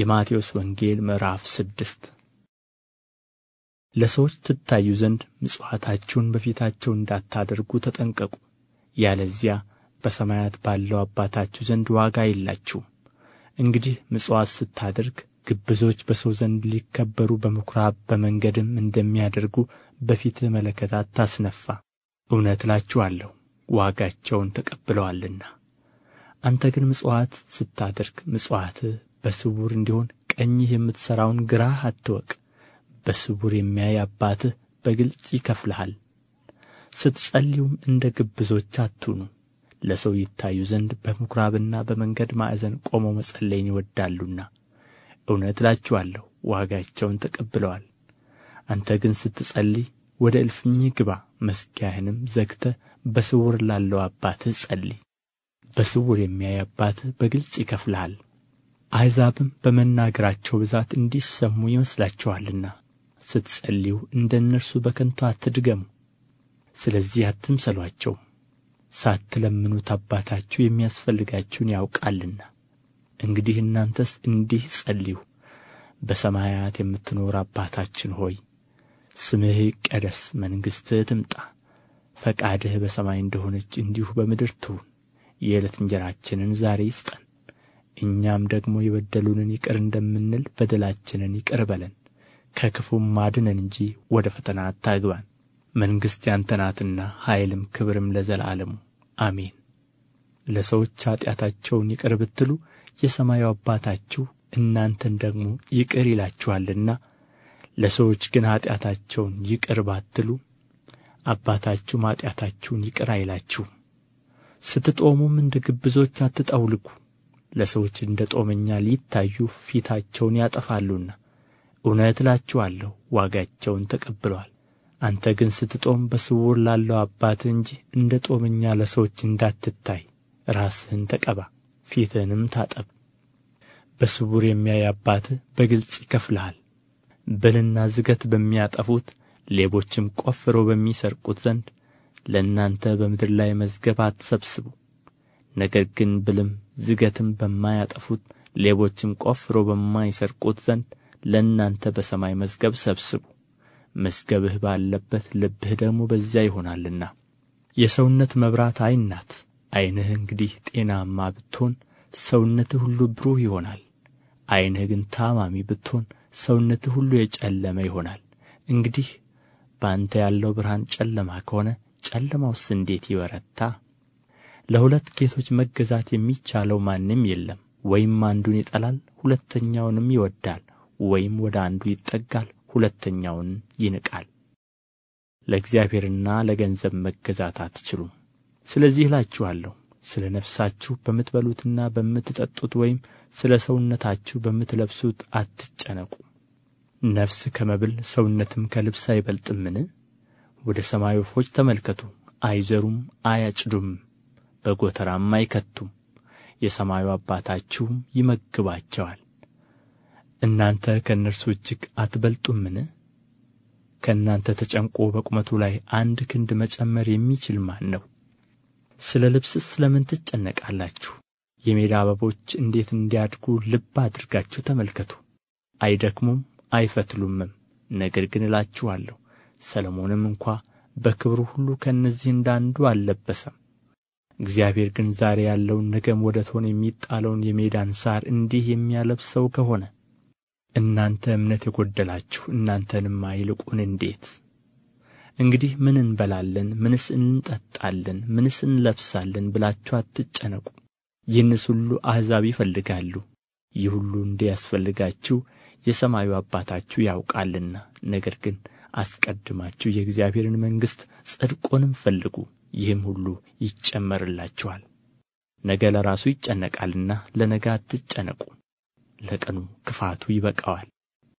የማቴዎስ ወንጌል ምዕራፍ ስድስት ለሰዎች ትታዩ ዘንድ ምጽዋታችሁን በፊታቸው እንዳታደርጉ ተጠንቀቁ፣ ያለዚያ በሰማያት ባለው አባታችሁ ዘንድ ዋጋ የላችሁም። እንግዲህ ምጽዋት ስታደርግ ግብዞች በሰው ዘንድ ሊከበሩ በምኵራብ በመንገድም እንደሚያደርጉ በፊትህ መለከት አታስነፋ፣ እውነት እላችኋለሁ ዋጋቸውን ተቀብለዋልና። አንተ ግን ምጽዋት ስታደርግ ምጽዋትህ በስውር እንዲሆን ቀኝህ የምትሠራውን ግራህ አትወቅ። በስውር የሚያይ አባትህ በግልጽ ይከፍልሃል። ስትጸልዩም እንደ ግብዞች አትሁኑ፣ ለሰው ይታዩ ዘንድ በምኵራብና በመንገድ ማዕዘን ቆመው መጸለይን ይወዳሉና። እውነት እላችኋለሁ ዋጋቸውን ተቀብለዋል። አንተ ግን ስትጸልይ ወደ እልፍኝህ ግባ፣ መዝጊያህንም ዘግተህ በስውር ላለው አባትህ ጸልይ። በስውር የሚያይ አባትህ በግልጽ ይከፍልሃል። አሕዛብም በመናገራቸው ብዛት እንዲሰሙ ይመስላችኋልና ስትጸልዩ እንደ እነርሱ በከንቱ አትድገሙ ስለዚህ አትምሰሏቸው ሳትለምኑት አባታችሁ የሚያስፈልጋችሁን ያውቃልና እንግዲህ እናንተስ እንዲህ ጸልዩ በሰማያት የምትኖር አባታችን ሆይ ስምህ ይቀደስ መንግሥትህ ትምጣ ፈቃድህ በሰማይ እንደሆነች እንዲሁ በምድር ትሁን የዕለት እንጀራችንን ዛሬ ይስጠን እኛም ደግሞ የበደሉንን ይቅር እንደምንል በደላችንን ይቅር በለን ከክፉም አድነን እንጂ ወደ ፈተና አታግባን መንግሥት ያንተ ናትና ኃይልም ክብርም ለዘላለሙ አሜን ለሰዎች ኃጢአታቸውን ይቅር ብትሉ የሰማዩ አባታችሁ እናንተን ደግሞ ይቅር ይላችኋልና ለሰዎች ግን ኃጢአታቸውን ይቅር ባትሉ አባታችሁም ኃጢአታችሁን ይቅር አይላችሁም ስትጦሙም እንደ ግብዞች አትጠውልጉ ለሰዎች እንደ ጦመኛ ሊታዩ ፊታቸውን ያጠፋሉና እውነት እላችኋለሁ ዋጋቸውን ተቀብለዋል። አንተ ግን ስትጦም በስውር ላለው አባትህ እንጂ እንደ ጦመኛ ለሰዎች እንዳትታይ ራስህን ተቀባ፣ ፊትህንም ታጠብ። በስውር የሚያይ አባትህ በግልጽ ይከፍልሃል። ብልና ዝገት በሚያጠፉት ሌቦችም ቆፍረው በሚሰርቁት ዘንድ ለእናንተ በምድር ላይ መዝገብ አትሰብስቡ ነገር ግን ብልም ዝገትም በማያጠፉት ሌቦችም ቆፍረው በማይሰርቁት ዘንድ ለእናንተ በሰማይ መዝገብ ሰብስቡ፣ መዝገብህ ባለበት ልብህ ደግሞ በዚያ ይሆናልና። የሰውነት መብራት ዓይን ናት። ዓይንህ እንግዲህ ጤናማ ብትሆን ሰውነትህ ሁሉ ብሩህ ይሆናል። ዓይንህ ግን ታማሚ ብትሆን ሰውነትህ ሁሉ የጨለመ ይሆናል። እንግዲህ በአንተ ያለው ብርሃን ጨለማ ከሆነ ጨለማውስ እንዴት ይበረታ? ለሁለት ጌቶች መገዛት የሚቻለው ማንም የለም። ወይም አንዱን ይጠላል፣ ሁለተኛውንም ይወዳል፣ ወይም ወደ አንዱ ይጠጋል፣ ሁለተኛውን ይንቃል። ለእግዚአብሔርና ለገንዘብ መገዛት አትችሉም። ስለዚህ እላችኋለሁ ስለ ነፍሳችሁ በምትበሉትና በምትጠጡት ወይም ስለ ሰውነታችሁ በምትለብሱት አትጨነቁ። ነፍስ ከመብል ሰውነትም ከልብስ አይበልጥምን? ወደ ሰማይ ወፎች ተመልከቱ፣ አይዘሩም፣ አያጭዱም በጎተራም አይከቱም፣ የሰማዩ አባታችሁም ይመግባቸዋል። እናንተ ከእነርሱ እጅግ አትበልጡምን? ከእናንተ ተጨንቆ በቁመቱ ላይ አንድ ክንድ መጨመር የሚችል ማን ነው? ስለ ልብስስ ስለምን ትጨነቃላችሁ? የሜዳ አበቦች እንዴት እንዲያድጉ ልብ አድርጋችሁ ተመልከቱ። አይደክሙም፣ አይፈትሉምም። ነገር ግን እላችኋለሁ ሰለሞንም እንኳ በክብሩ ሁሉ ከእነዚህ እንደ አንዱ አልለበሰም። እግዚአብሔር ግን ዛሬ ያለውን ነገም ወደ እቶን የሚጣለውን የሜዳን ሳር እንዲህ የሚያለብሰው ከሆነ እናንተ እምነት የጎደላችሁ እናንተንማ ይልቁን እንዴት! እንግዲህ ምን እንበላለን? ምንስ እንጠጣለን? ምንስ እንለብሳለን ብላችሁ አትጨነቁ። ይህንስ ሁሉ አሕዛብ ይፈልጋሉ። ይህ ሁሉ እንዲያስፈልጋችሁ የሰማዩ አባታችሁ ያውቃልና። ነገር ግን አስቀድማችሁ የእግዚአብሔርን መንግሥት ጽድቁንም ፈልጉ ይህም ሁሉ ይጨመርላችኋል። ነገ ለራሱ ይጨነቃልና ለነገ አትጨነቁ። ለቀኑ ክፋቱ ይበቃዋል።